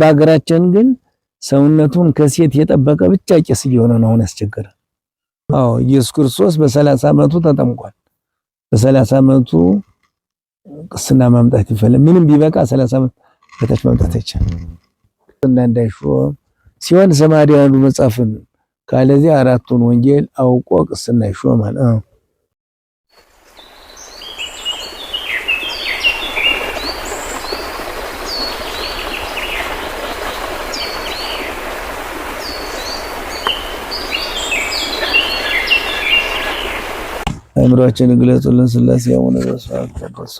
በሀገራችን ግን ሰውነቱን ከሴት የጠበቀ ብቻ ቄስ እየሆነ ነው። አሁን ያስቸገረ። አዎ ኢየሱስ ክርስቶስ በሰላሳ ዓመቱ ተጠምቋል። በሰላሳ ዓመቱ ቅስና ማምጣት ይፈለ ምንም ቢበቃ ሰላሳ ዓመት በታች ማምጣት አይቻልም። እና እንዳይሾ ሲሆን ሰማርያኑ መጽሐፍን ካለዚህ አራቱን ወንጌል አውቆ ቅስና ይሾማል። አዎ አእምሯችን ግለጡልን። ስላሴ አቡነ በስብሐት ተቀደሱ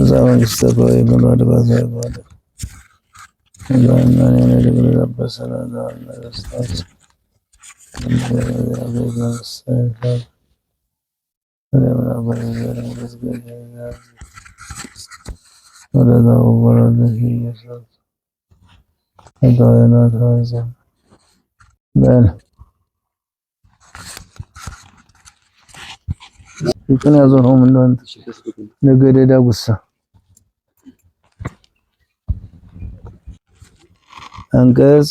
እዛ መንግስተ የምን ባዛ ይባለ ዛና ኔ ድግል ለበሰነ ዛና ስታት ወደዛው ወረደ እጩን ያዘው ነው ነገደዳ ጉሳ አንቀጽ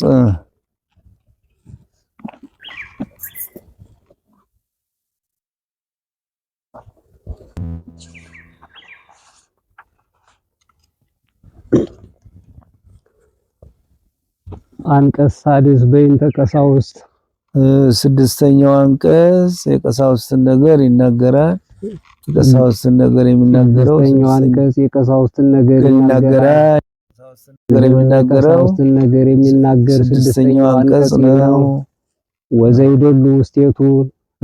አንቀጽ ሳድስ በይንተ ቀሳውስት ስድስተኛው አንቀጽ የቀሳውስትን ነገር ይናገራል። የቀሳውስትን ነገር የሚናገረው የቀሳውስትን ነገር የሚናገረው የቀሳውስትን ነገር የሚናገር ስድስተኛው አንቀጽ ነው። ወዘይደሉ ውስጤቱ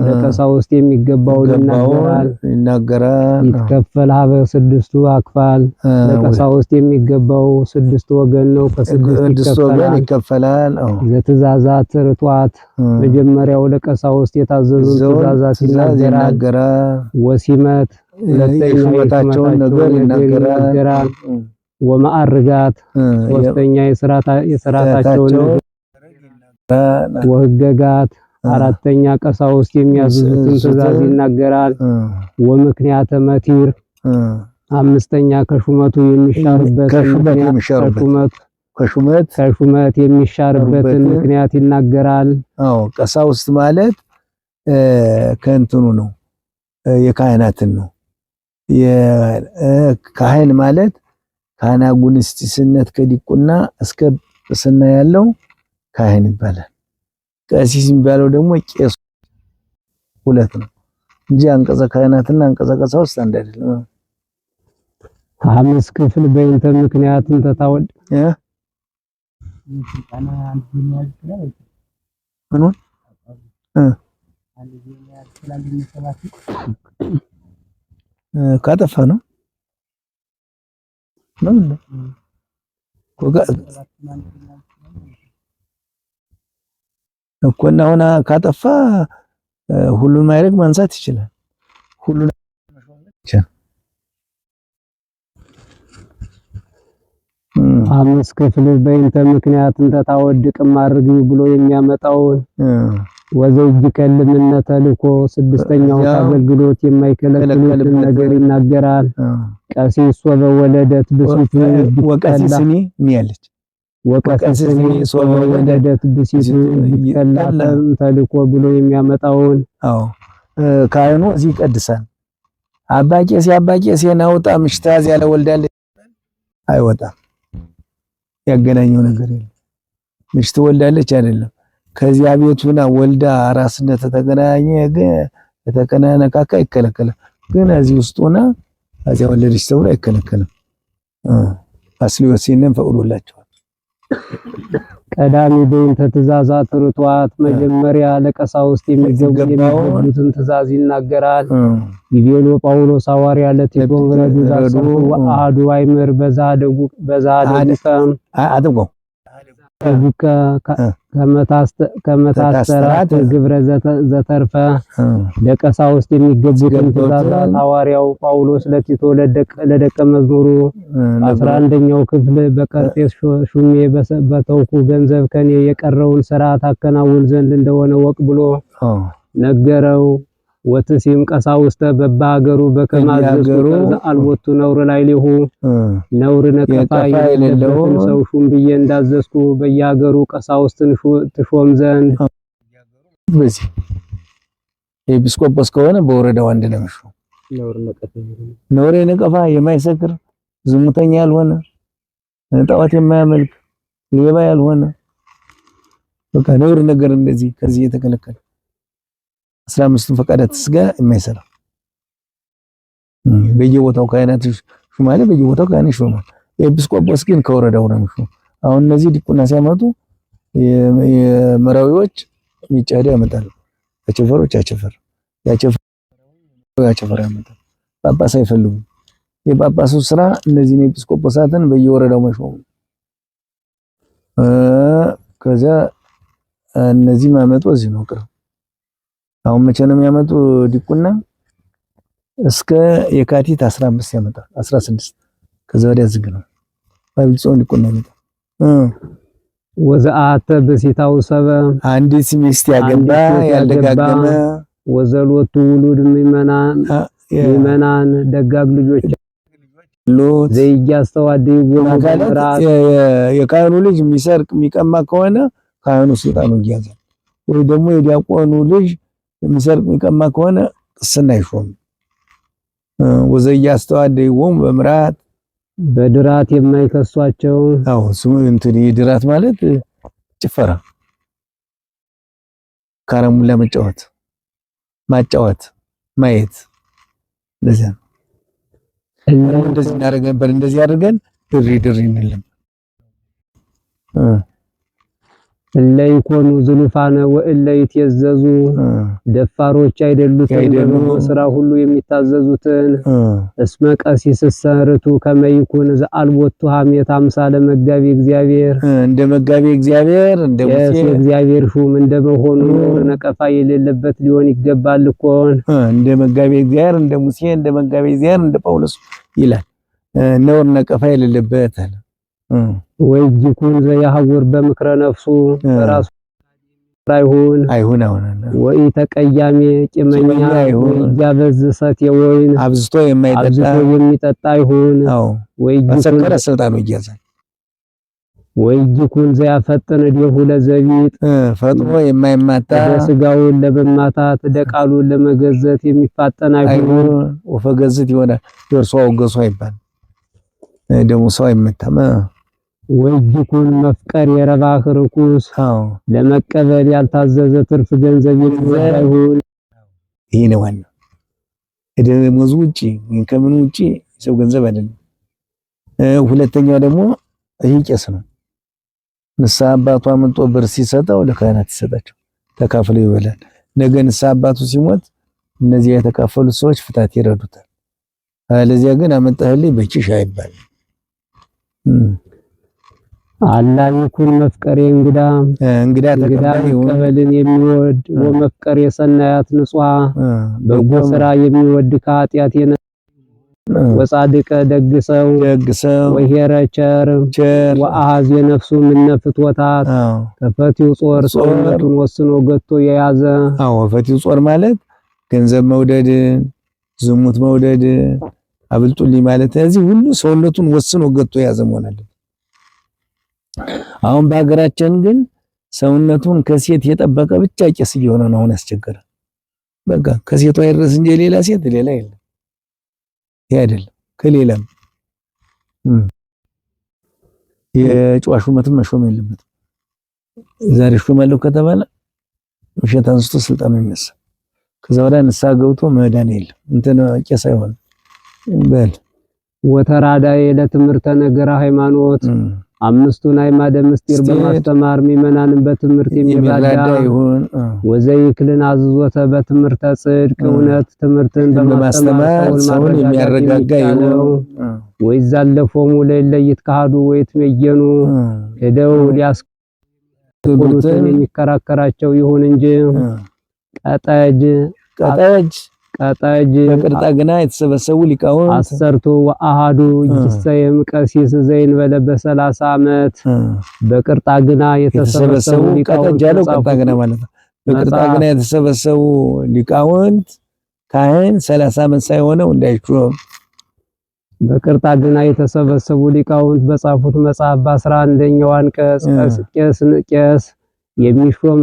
ለቀሳውስት የሚገባውን ይናገራል ይናገራል። ይከፈል ሀበ ስድስቱ አክፋል ለቀሳውስት የሚገባው ስድስት ወገን ነው። ከስድስት ወገን ይከፈላል። ዘትእዛዛት ርቷት መጀመሪያው ለቀሳውስት የታዘዙ ትእዛዛት ይናገራል። ወሲመት ሁለተኛቸውን ነገር ይናገራል። ወማዕርጋት ሶስተኛ የስርዓታቸውን ወህገጋት አራተኛ ቀሳውስት የሚያዙትን ትእዛዝ ይናገራል። ወምክንያተ መቲር አምስተኛ ከሹመቱ የሚሻርበት ከሹመት ከሹመት የሚሻርበትን ምክንያት ይናገራል። አዎ ቀሳውስት ማለት ከእንትኑ ነው የካህናትን ነው። የካህን ማለት ካህና ጉንስጢስነት ከዲቁና እስከ ቅስና ያለው ካህን ይባላል። ቀሲስ የሚባለው ደግሞ ቄሱ ሁለት ነው እንጂ አንቀጸ ካህናትና አንቀጸ ቀሳውስት አንድ አይደለም። አምስት ክፍል በእንተ ምክንያትም ተታወድ ካጠፋ ነው ነው እኮና ሆና ካጠፋ ሁሉን ማይረግ ማንሳት ይችላል። ሁሉን አምስት ክፍል በእንተ ምክንያት እንተ ታወድቅም አድርግ ብሎ የሚያመጣውን ወዘጅ ከልምነ ተልኮ ስድስተኛው አገልግሎት የማይከለክሉትን ነገር ይናገራል። ቀሲስ ወበወለደት ብሱት ወቀሲስኒ ሚያለች ወቀስቢ ሶበ ወለደት ብእሲቱ ይቀላለም ተልኮ ብሎ የሚያመጣውን አዎ ካህኑ እዚህ ይቀድሳል። አባቄሴ አባቄሴ ናውጣ ምሽታ ያለ ወልዳለች አይወጣም። ያገናኘው ነገር የለም። ምሽት ወልዳለች አይደለም ከዚያ ቤቱና ወልዳ አራስነት ተገናኘ ካካ ይከለከላል። ግን እዚህ ውስጥ ሆና ከዚያ ወለደች ተብሎ አይከለከልም። አስሊዮሲንን ፈቅዶላቸዋል። ቀዳሚ በይንተ ትእዛዛት ርቷት መጀመሪያ ለቀሳውስት የሚገቡትን ትእዛዝ ይናገራል። ይቤሎ ጳውሎስ ሐዋርያ ለቲቶ ረዱ ዛሰቡ ወአሐዱ አይምር በዛ ደጉ በዛ አደጉ ከመታሰራት ግብረ ዘተርፈ ለቀሳውስት የሚገቡትን ትእዛዛት ሐዋርያው ጳውሎስ ለቲቶ ለደቀ መዝሙሩ አስራ አንደኛው ክፍል በቀርጤስ ሹሜ በተውኩ ገንዘብ ከኔ የቀረውን ሥርዓት አከናውን ዘንድ እንደሆነ ወቅ ብሎ ነገረው። ወትሲም ቀሳውስተ በባገሩ በከማዘሩ አልቦቱ ነውር ላይ ሊሁ ነውር ነቀፋ የሌለው ሰው ሹም ብዬ እንዳዘዝኩ በየሀገሩ ቀሳውስትን ትሾም ዘንድ በዚህ ኤጲስቆጶስ ከሆነ በወረዳው አንድ ነው የሚሾም። ነውር ነቀፋ የማይሰክር ዝሙተኛ ያልሆነ ጣዖት የማያመልክ ሌባ ያልሆነ በቃ ነውር ነገር እንደዚህ ከዚህ የተከለከለ አስራ አምስቱን ፈቃዳት ስጋ የማይሰራ በየቦታው ካህናት ሹማለ በየቦታው ካህናት ይሾማል። ኤጲስቆጶስ ግን ከወረዳው ነው የሚሾመው። አሁን እነዚህ ዲቁና ሲያመጡ የመራዊዎች ሚጫዳ ያመጣሉ። አቸፈሮች አቸፈር ያቸፈር ያመጣል። ጳጳስ አይፈልጉም። የጳጳሱ ስራ እነዚህን ኤጲስቆጶሳትን በየወረዳው መሾሙ። ከዚያ እነዚህ ማመጡ እዚህ ነው ቅርብ አሁን መቼ ነው የሚያመጡ? ዲቁና እስከ የካቲት 15 ያመጣል። 16 ከዛ ወዲያ ዝግ ነው። ባይብል ጾም ዲቁና ያመጣል። ወዘአተ በሲታው ሰበ አንዲት ሚስት ያገባ ያልደጋገመ ወዘሎቱ ውሉድ ምእመናን ምእመናን ደጋግ ልጆች ሎት ዘይጃ ወናጋራ የካህኑ ልጅ የሚሰርቅ የሚቀማ ከሆነ ካህኑ ስልጣኑ ይያዛል፣ ወይ ደግሞ የዲያቆኑ ልጅ የሚሰርቅ የሚቀማ ከሆነ ቅስና አይሾም። ወዘያ ይወም በምራት በድራት የማይከሷቸው አዎ፣ ስሙ እንትን ድራት ማለት ጭፈራ፣ ካረሙላ መጫወት፣ ማጫወት፣ ማየት ለዛ እንደዚህ ነው። እንደዚህ እንደዚህ አድርገን ድሪ ድሪ እንለም እለ ይኮኑ ዝኑፋነ ወእለ ይትየዘዙ ደፋሮች አይደሉትን በበጎ ስራ ሁሉ የሚታዘዙትን እስመ ቀሲስ ሰርእቱ ከመ ይኩን ዘአልቦቱ ሐሜት አምሳለ መጋቢ እግዚአብሔር እንደ መጋቢ እግዚአብሔር እንደ ሙሴ እግዚአብሔር ሹም እንደ መሆኑ ነቀፋ የሌለበት ሊሆን ይገባል እኮን እንደ መጋቢ እግዚአብሔር እንደ ሙሴ እንደ መጋቢ እግዚአብሔር እንደ ጳውሎስ ይላል ነውር ነቀፋ የሌለበት ወይ ጂኩን ዘያሐውር በምክረ ነፍሱ ራሱ አይሁን አይሁን ወይ ተቀያሜ ቂመኛ ያበዝ ሰት የወይን አብዝቶ የሚጠጣ አይሁን አዎ ወይ ሰከረ ስልጣኑ ይያዛል። ወይ ጂኩን ዘያፈጥን ዲሁ ለዘቢጥ ፈጥኖ የማይማታ ስጋውን ለመማታት ደቃሉን ለመገዘት የሚፋጠን አይሁን። ወፈገዝት ይሆናል ደርሶ አውገሶ ይባል ደግሞ ሰው አይመታም። ወይዲኩን መፍቀር የረባህ ርኩስ ለመቀበል ያልታዘዘ ትርፍ ገንዘብ ይሁን። ይሄ ነው ዋናው። ከደሞዙ ውጪ ከምኑ ውጪ ሰው ገንዘብ አይደለም። ሁለተኛው ደግሞ ይህ ቄስ ነው። ንስሓ አባቱ አምጦ ብር ሲሰጠው ለካህናት ይሰጣቸው ተካፍለው ይበላል። ነገ ንስሓ አባቱ ሲሞት እነዚያ የተካፈሉ ሰዎች ፍታት ይረዱታል። አለዚያ ግን አመጣህልኝ በኪሽ አይባልም። አላሚቱን መፍቀሬ እንግዳ እንግዳ መቀበልን የሚወድ ወመፍቀሬ ሰናያት ንጹሃ በጎ ስራ የሚወድ ከኃጢአት የነ ወጻድቀ ደግሰው ደግሰው ወሄረ ቸር ወአሃዝ የነፍሱ ምነ ፍትወታት ከፈቲው ጾር ሰውነቱን ወስኖ ገቶ የያዘ አዎ ፈቲው ጾር ማለት ገንዘብ መውደድ፣ ዝሙት መውደድ፣ አብልጡልኝ ማለት እዚህ ሁሉ ሰውነቱን ወስኖ ገቶ የያዘ መሆን አለበት። አሁን በሀገራችን ግን ሰውነቱን ከሴት የጠበቀ ብቻ ቄስ እየሆነ ነው አሁን ያስቸገረ። በቃ ከሴቷ ይድረስ እንጂ ሌላ ሴት ሌላ የለም። ይሄ አይደለም ከሌላም የጨዋ ሹመትም መሾም የለበትም። ዛሬ ሾማለሁ ከተባለ ምሽት አንስቶ ስልጣን የሚነሳ ከዛ ወዲያ ንስሓ ገብቶ መዳን የለም። እንትን ቄስ አይሆንም። በል የለ ለትምህርተ ነገረ ሃይማኖት አምስቱን አዕማደ ምስጢር በማስተማር ሚመናንን በትምህርት የሚራዳ ይሁን። ወዘይ ወዘይክልን አዝዞተ በትምህርተ ጽድቅ እውነት ትምህርትን በማስተማር ሰውን የሚያረጋጋ ይሁን። ወይ ወይዛለፎሙ ለእለ ይትካሃዱ ወይትመየኑ ሄደው ሊያስቆጡትን የሚከራከራቸው ይሁን እንጂ ቀጠጅ ቀጠጅ ቀጠጅ በቅርጣ ገና የተሰበሰቡ ሊቃውንት አሰርቶ ወአሃዱ ይሰየም ቀሲስ ዘእንበለ በሰላሳ ዓመት በቅርጣ ግና የተሰበሰቡ ቀጠጅ ያለው ቅርጣ ገና ማለት ነው። በቅርጣ ገና የተሰበሰቡ ሊቃውንት ካህን ሰላሳ ዓመት ሳይሆነው እንዳይሾም በቅርጣ ግና የተሰበሰቡ ሊቃውንት በጻፉት መጽሐፍ በአስራ አንደኛው አንቀጽ ቄስ የሚሾም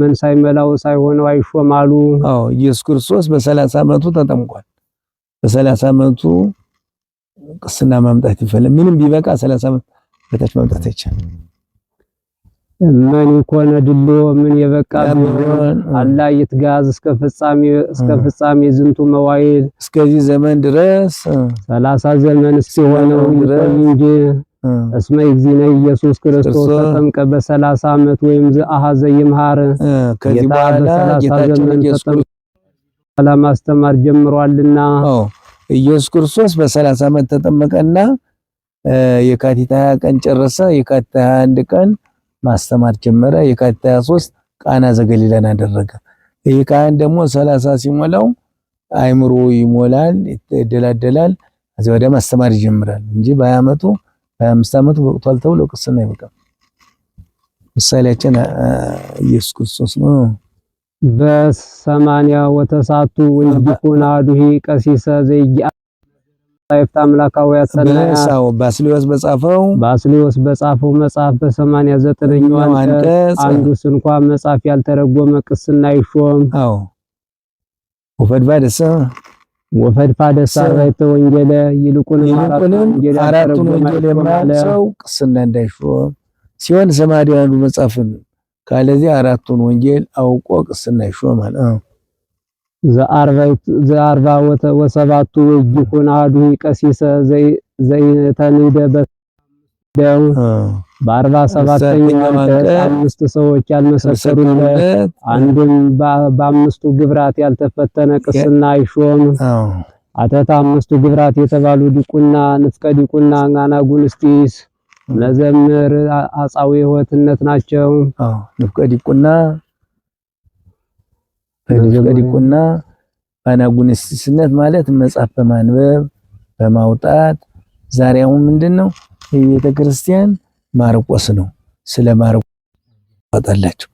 ምን ሳይመላው ሳይሆነው አይሾም አሉ። አዎ ኢየሱስ ክርስቶስ በሰላሳ አመቱ ተጠምቋል። በሰላሳ አመቱ ቅስና ማምጣት ይፈልግ ምንም ቢበቃ ሰላሳ አመት በታች ማምጣት አይቻልም። ምን ይኮነ ድሎ ምን የበቃ ቢሆን አላ ይትጋዝ እስከ ፍጻሜ እስከ ፍጻሜ ዝንቱ መዋይል እስከዚህ ዘመን ድረስ ሰላሳ ዘመን ሲሆነው ድረስ እንጂ እስመ እግዚእነ ኢየሱስ ክርስቶስ ተጠምቀ በሰላሳ ዓመት ወይም ዘአሐዘ ይምሃር። ከዚህ በኋላ ጌታችን ኢየሱስ ክርስቶስ ጀምሯልና ኢየሱስ ክርስቶስ በሰላሳ ዓመት ተጠመቀና የካቲት 20 ቀን ጨረሰ። የካቲት 21 ቀን ማስተማር ጀመረ። የካቲት 23 ቃና ዘገሊላን አደረገ። ይህ ካህን ደግሞ ሰላሳ ሲሞላው አይምሮ ይሞላል፣ ይደላደላል። ማስተማር ይጀምራል እንጂ ዓመቱ 25 ዓመቱ ወቅቷል ተብሎ ቅስና አይበቃም። ምሳሌያችን ኢየሱስ ክርስቶስ ነው። በሰማንያ ወተሳቱ ወይኩን አዱሂ ቀሲሰ ዘይያ ሳይፍታ አምላካዊ ያሰናው ባስሊዮስ በጻፈው ባስሊዮስ በጻፈው መጽሐፍ በሰማንያ ዘጠነኛው አንቀጽ አንዱስ እንኳን መጽሐፍ ያልተረጎመ ቅስና አይሾም። አዎ ወፈድ ባደሰ ወፈድፋደ ሳረተ ወንጌለ ይልቁን አራቱን ወንጌል የማያውቅ ቅስና እንዳይሾም ሲሆን ዘማዲ አንዱ መጻፍን ካለዚህ አራቱን ወንጌል አውቆ ቅስና ይሾማል። ዘአርባ ወሰባቱ ወጅኩን አዱ ቀሲሰ ዘይተንደ ደም በአርባ ሰባተኛው አምስት ሰዎች ያልመሰከሩለት አንዱም በአምስቱ ግብራት ያልተፈተነ ቅስና አይሾም። አተታ አምስቱ ግብራት የተባሉ ዲቁና፣ ንፍቀ ዲቁና፣ አናጉንስጢስ፣ መዘምር፣ አጻዊ ሕይወትነት ናቸው። ንፍቀ ዲቁና ንፍቀ ዲቁና አናጉንስጢስነት ማለት መጽሐፍ በማንበብ በማውጣት ዛሬው ምንድን ነው? የቤተ ክርስቲያን ማርቆስ ነው። ስለ ማርቆስ አወጣላችሁ።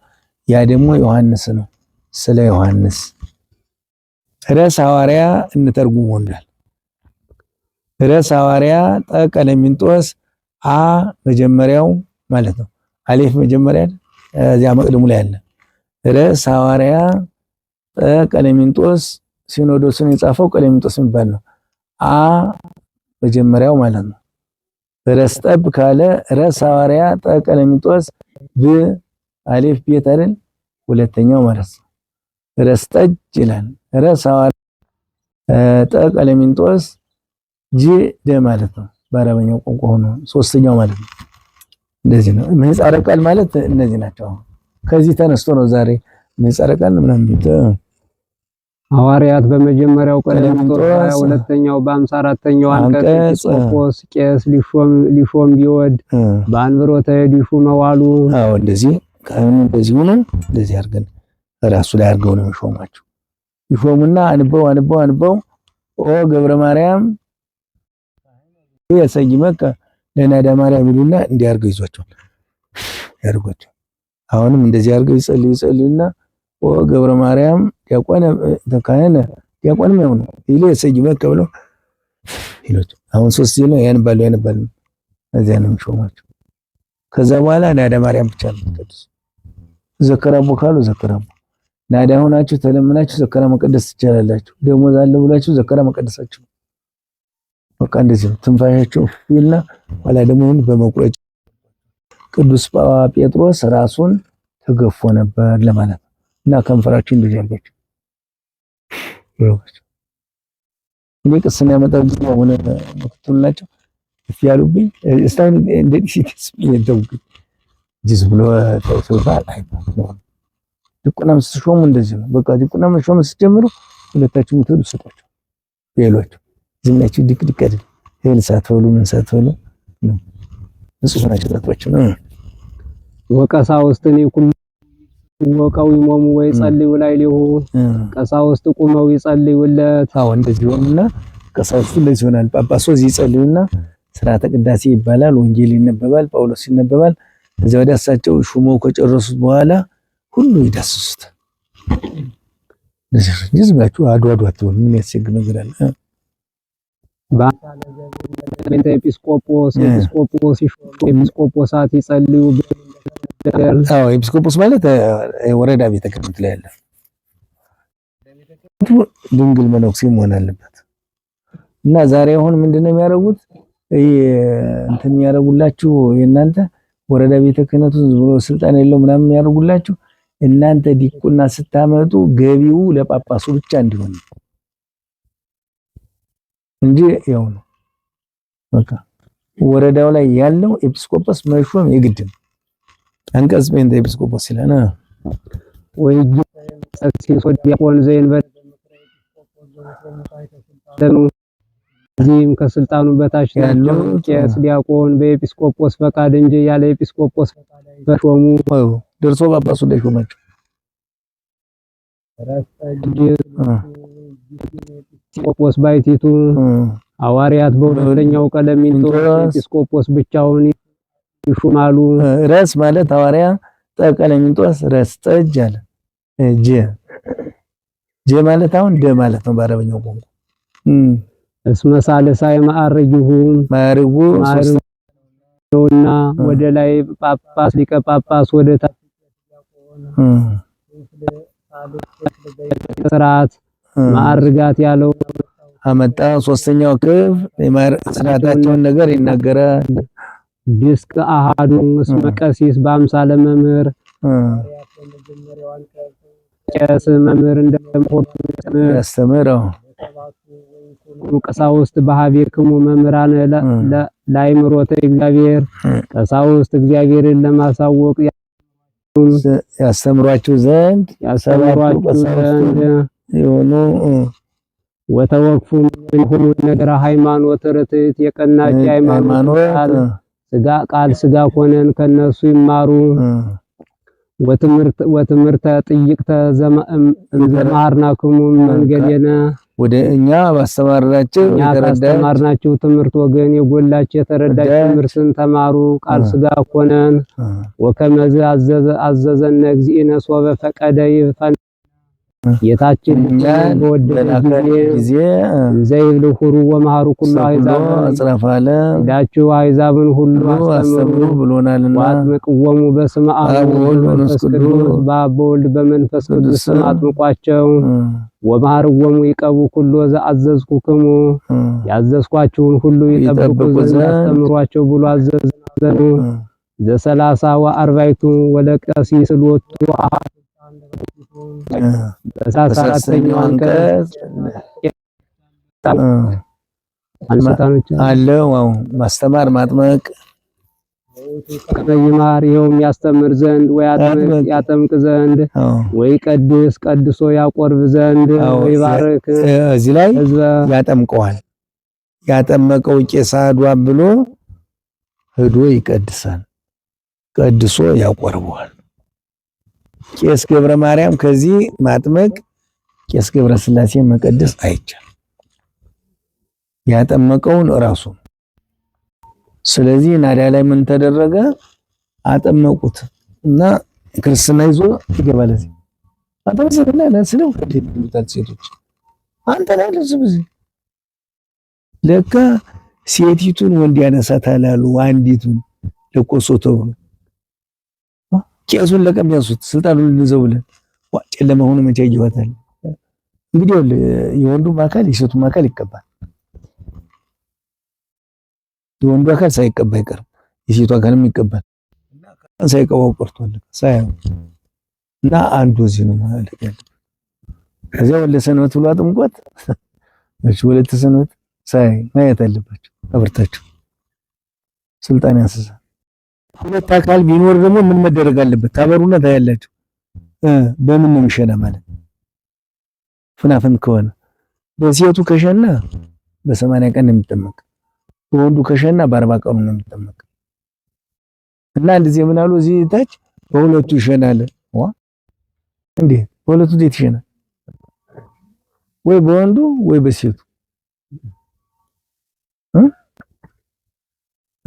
ያ ደግሞ ዮሐንስ ነው። ስለ ዮሐንስ ርዕሰ ሐዋርያ እንተርጉሞ እንዳል ርዕሰ ሐዋርያ ጠ ቀለሚንጦስ አ መጀመሪያው ማለት ነው። አሌፍ መጀመሪያ እዚያ መቅድሙ ላይ አለ። ርዕሰ ሐዋርያ ጠ ሲኖዶስን ሲኖዶሱን የጻፈው ቀለሚንጦስ የሚባል ነው። አ መጀመሪያው ማለት ነው። ረስጠብ ካለ ረስ ሐዋርያ ጠቀለሚጦስ በአሌፍ ቤት አይደል ሁለተኛው ማለት ነው። ረስጠጅ ይላል። ረስ ሐዋርያ ጠቀለሚንጦስ ጂ ደ ማለት ነው። በአረበኛው ቋንቋ ሆኖ ሶስተኛው ማለት ነው። እንደዚህ ነው። ምህጻረ ቃል ማለት እነዚህ ናቸው። ከዚህ ተነስቶ ነው ዛሬ ምህጻረ ቃል ምናምን ሐዋርያት በመጀመሪያው ቀደም ጴጥሮስ፣ ሀያ ሁለተኛው በአምሳ አራተኛው አንቀጽ ኤጲስቆጶስ ቄስ ሊሾም ቢወድ በአንብሮተ እድ ሹመው አሉ። አዎ እንደዚህ ካህኑ እንደዚህ ሆኖ እንደዚህ አድርገን ራሱ ላይ አድርገው ነው የሾማቸው። ይሾሙና አንበው አንበው አንበው ኦ ገብረ ማርያም የሰይመከ ለናዳ ማርያም ይሉና እንዲያርገው ይዟቸዋል ያርጓቸው። አሁንም እንደዚህ አድርገው ይጸልዩ ይጸልዩና ገብረ ማርያም ዲያቆን ዲያቆን ነው ነው ይሌ ሰጅበት ከብሎ ይሉት አሁን ሶስት ይሉ ያንባሉ ያንባሉ እዚያ ነው የሚሾማቸው። ከዛ በኋላ ናዳ ማርያም ብቻ ነው ቅዱስ ዘከራቦ ካሉ ዘከራቦ ናዳ ሆናችሁ ተለምናችሁ ዘከራ መቀደስ ትችላላችሁ። ደሞዝ አለ ብላችሁ ዘከራ መቀደሳችሁ በቃ እንደዚህ ነው። ትንፋሻቸው ይልና ኋላ ደሞውን በመቁረጭ ቅዱስ ጴጥሮስ ራሱን ተገፎ ነበር ለማለት ነው። እና ከንፈራችን እንደዚህ አድርጋችሁ እኔ ቅስና ያመጣብኝ ሆነ ምክትሉ ናቸው ያሉብኝ እስካሁን እንደዚህ ዲሲቲስ ይደውግ ጅዝ ብሎ ተውሰውታል። ድቁና ስትሾሙ እንደዚህ ነው። በቃ ድቁና መሾም ስትጀምሩ ሁለታችሁ ምትወዱ ስጧቸው ዝምናችሁ ድቅ ድቅ አይደል ይሄን ሳትበሉ ምን ሳትበሉ ንጹህ ናቸው። ወቀሳ ውስጥ እኔ ወቀው ይሞሙ ወይ ጸልዩ ላይ ሊሁ ቀሳውስት ቁመው ይጸልዩለት። አዎ እንደዚህ ሆነና ቀሳውስቱ እንደዚህ ሆናል። ጳጳሱ እዚህ ይጸልዩና ስርዓተ ቅዳሴ ይባላል። ወንጌል ይነበባል፣ ጳውሎስ ይነበባል። ከዚያ ወዲያ እሳቸው ሹመው ከጨረሱት በኋላ ሁሉ ይዳስሱት። ህዝባችሁ አዱ አዱ አትሆን ምን ያስቸግር ነገር አለ። ኤጲስቆጶስ ኤጲስቆጶስ ኤጲስቆጶሳት ይጸልዩ ኤጲስቆጶስ ማለት ወረዳ ቤተ ክህነት ላይ ያለ ድንግል መነኩሴ መሆን አለበት። እና ዛሬ አሁን ምንድነው የሚያደርጉት? እንትን የሚያደርጉላችሁ የእናንተ ወረዳ ቤተ ክህነቱ ስልጣን የለው ምናምን የሚያደርጉላችሁ እናንተ ዲቁና ስታመጡ ገቢው ለጳጳሱ ብቻ እንዲሆን እንጂ ያው ነው። በቃ ወረዳው ላይ ያለው ኤጲስቆጶስ መሾም የግድ ነው። አንቀጽ አንቀጽቤን ኤጲስቆጶስ ይለና ወይ ሰክሲስ ዲያቆን ዘእንበለ እዚህም ከስልጣኑ በታች ያሉ ቄስ ዲያቆን በኤጲስቆጶስ ፈቃድ እንጂ ያለ ኤጲስቆጶስ ፈቃድ በሾሙ ደርሶ ጳጳሱ ሾማቸው። ኤጲስቆጶስ ባይቲቱ ሐዋርያት በሁለተኛው ቀለሚንጦስ ኤጲስቆጶስ ብቻውን ይሹማሉ ረስ ማለት ሐዋርያ ጠቀለሚንጦስ ረስ ጠጅ አለ። ጀ ጀ ማለት አሁን ደ ማለት ነው በአረበኛው ቋንቋ። እስመ ሳልሳይ ማዕርጉሁ ማዕርጉ ነውና ወደ ላይ ጳጳስ ሊቀ ጳጳስ ወደ ታች ስርዓት ማዕርጋት ያለው አመጣ። ሶስተኛው ክፍል ስርዓታቸውን ነገር ይናገራል። ዲስቅ አሃዱ እስመ ቀሲስ በአምሳለ መምህር ቄስ መምህር እንደምሆን ቀሳውስት በሀቤክሙ መምህራን ለአእምሮተ እግዚአብሔር ቀሳውስት እግዚአብሔርን ለማሳወቅ ያስተምሯችሁ ዘንድ ያስተምሯችሁ ዘንድ የሆኑ ወተወክፉ ሁሉ ነገር ሃይማኖት ርትዕት የቀናች ሃይማኖት ስጋ ቃል ስጋ ሆነን ከነሱ ይማሩ ወትምህርተ ጥይቅተ ዘመሃርናክሙ መንገዴነ ወደ እኛ ባስተማርናችሁ የተረዳችሁ ትምህርት ወገን የጎላችሁ የተረዳችሁ ትምህርትን ተማሩ። ቃል ስጋ ኮነን ወከመዝ አዘዘነ እግዚእነ ሶበ ፈቀደ ይፈን ጌታችን በወደደ ጊዜ ዘይብል ሁሩ ወመሃሩ ኩሉ አሕዛብ አጽረፋለ ዳችሁ አሕዛብን ሁሉ አስተምሩ ብሎናልና አጥምቅዎሙ በስመ አብ ወወልድ ወመንፈስ ቅዱስ በአብ በወልድ በመንፈስ ቅዱስ ስም አጥምቋቸው ወመሃርዎሙ ይቀቡ ኩሎ ዘአዘዝኩክሙ ያዘዝኳችሁን ሁሉ ይጠብቁ ዘንድ አስተምሯቸው ብሎ አዘዘ ዘሰላሳ ወአርባዕቱ ወለቀሲስ ሎቱ አለው ማስተማር ማጥመቅ ይማር ይኸውም ያስተምር ዘንድ ወይ ያጠምቅ ዘንድ ወይ ቀድስ ቀድሶ ያቆርብ ዘንድ ይባርክ። እዚህ ላይ ያጠምቀዋል። ያጠመቀው ቄሳ ብሎ ሄዶ ይቀድሳል፣ ቀድሶ ያቆርበዋል። ቄስ ገብረ ማርያም ከዚህ ማጥመቅ ቄስ ገብረ ስላሴ መቀደስ አይቻል። ያጠመቀውን እራሱ ስለዚህ ናዳ ላይ ምን ተደረገ? አጠመቁት እና ክርስትና ይዞ ይገባል። እዚህ አጠመሰና ለስለው ከደብታል ሴቶች አንተ ላይ ለዚህ ብዙ ለካ ሴቲቱን ወንድ ያነሳታል አሉ። አንዲቱን ለኮሶ ተብሎ ቄሱን ለቀም ያንሱት ስልጣኑን ልንዘው ብለን ዋጭ ለመሆኑ መቼ ይወታል። እንግዲህ የወንዱም አካል የሴቱም አካል ይቀባል። የወንዱ አካል ሳይቀባ አይቀርም፣ የሴቱ አካልም ይቀባል። ሳይቀባው ቆርቷል ሳይሆን እና አንዱ እዚህ ነው ማለት ያለ ከዚያ ወለ ሰንበት ብሎ አጥምቋት እሺ፣ ወደ ሰንበት ሳይ ማየት አለባቸው አብርታቸው ስልጣን ያንስሳል። ሁለት አካል ቢኖር ደግሞ ምን መደረግ አለበት? ታበሩና ታያላችሁ። በምን ነው የሚሸና ማለት ፍናፍን ከሆነ በሴቱ ከሸና በሰማንያ ቀን ነው የሚጠመቅ። በወንዱ ከሸና በአርባ ቀኑ ነው የሚጠመቅ። እና እንደዚህ ምን አሉ እዚህ ታች በሁለቱ ይሸናል። ዋ እንዴ! በሁለቱ እንዴት ይሸናል? ወይ በወንዱ ወይ በሴቱ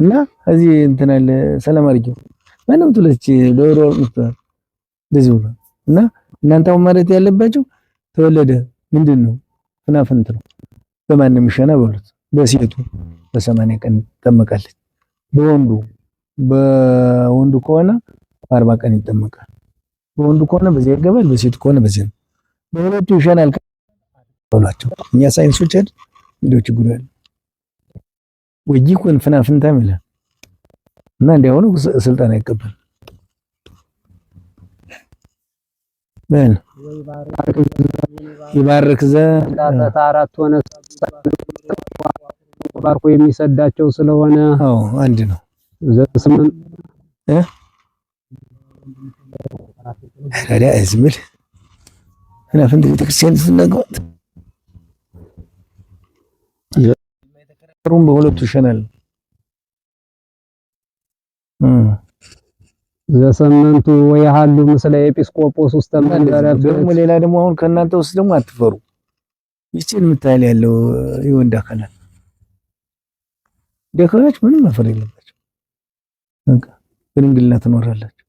እና እዚህ እንትን አለ ሰላም አድርጌው ማንም ትለች ዶሮ ምትባል እንደዚህ ብሏል። እና እናንተ አሁን ማለት ያለባችሁ ተወለደ ምንድን ነው ፍናፍንት ነው። በማንም ይሸና በሉት። በሴቱ በሰማንያ ቀን ይጠመቃለች። በወንዱ በወንዱ ከሆነ በአርባ ቀን ይጠመቃል። በወንዱ ከሆነ በዚህ ይገባል፣ በሴቱ ከሆነ በዚህ ነው። በሁለቱ ይሸናል በሏቸው። እኛ ሳይንሶች አይደል እንደው ችግሩ ያለው ወጂኩን ፍናፍንታ ይላል እና እንዲያውኑ ስልጣን ይቀበል በል ይባርክ ዘ አራት ሆነ ባርኮ የሚሰዳቸው ስለሆነ አዎ አንድ ነው። ዘስምን እ ታዲያ እዝምል ፍናፍንት ቤተክርስቲያን ስናገባት ጥሩም በሁለቱ ሸነል ዘሰመንቱ ወያሃሉ ምስለ ኤጲስቆጶስ ውስተ መንበረ ደግሞ ሌላ ደግሞ አሁን ከእናንተ ውስጥ ደግሞ አትፈሩ። ይችን ምታል ያለው የወንድ አካላት ደካዎች ምንም መፈር የለባቸው። በቃ በድንግልና ትኖራላችሁ።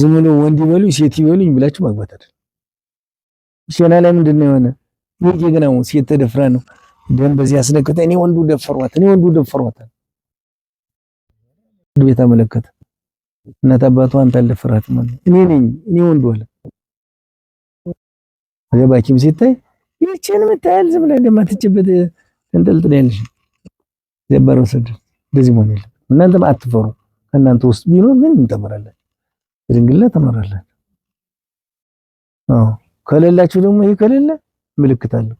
ዝም ብሎ ወንድ ይበሉ ሴት ይበሉኝ ብላችሁ ማግባት አይደል። ሸና ላይ ምንድን ነው የሆነ ይሄ ግን አሁን ሴት ተደፍራ ነው እንደውም በዚህ ያስለከተ እኔ ወንዱ ደፈሯት፣ እኔ ወንዱ ደፈሯት ወንዱ አመለከተ። እናት አባቷ አንተ አልደፈራትም ማለት እኔ ነኝ እኔ ወንዱ አለ። ወደ ባኪም ሲታይ ይችን ምታያል ዝም ብለህ እንደማትችበት እንጠልጥል ያለሽ ዘባር ወሰደ። እንደዚህ መሆን የለም። እናንተም አትፈሩ። ከእናንተ ውስጥ ቢኖር ምን እንጠመራለን? ድንግልና ተመራለን። አዎ ከሌላችሁ ደግሞ ይሄ ከሌለ ምልክት አለው።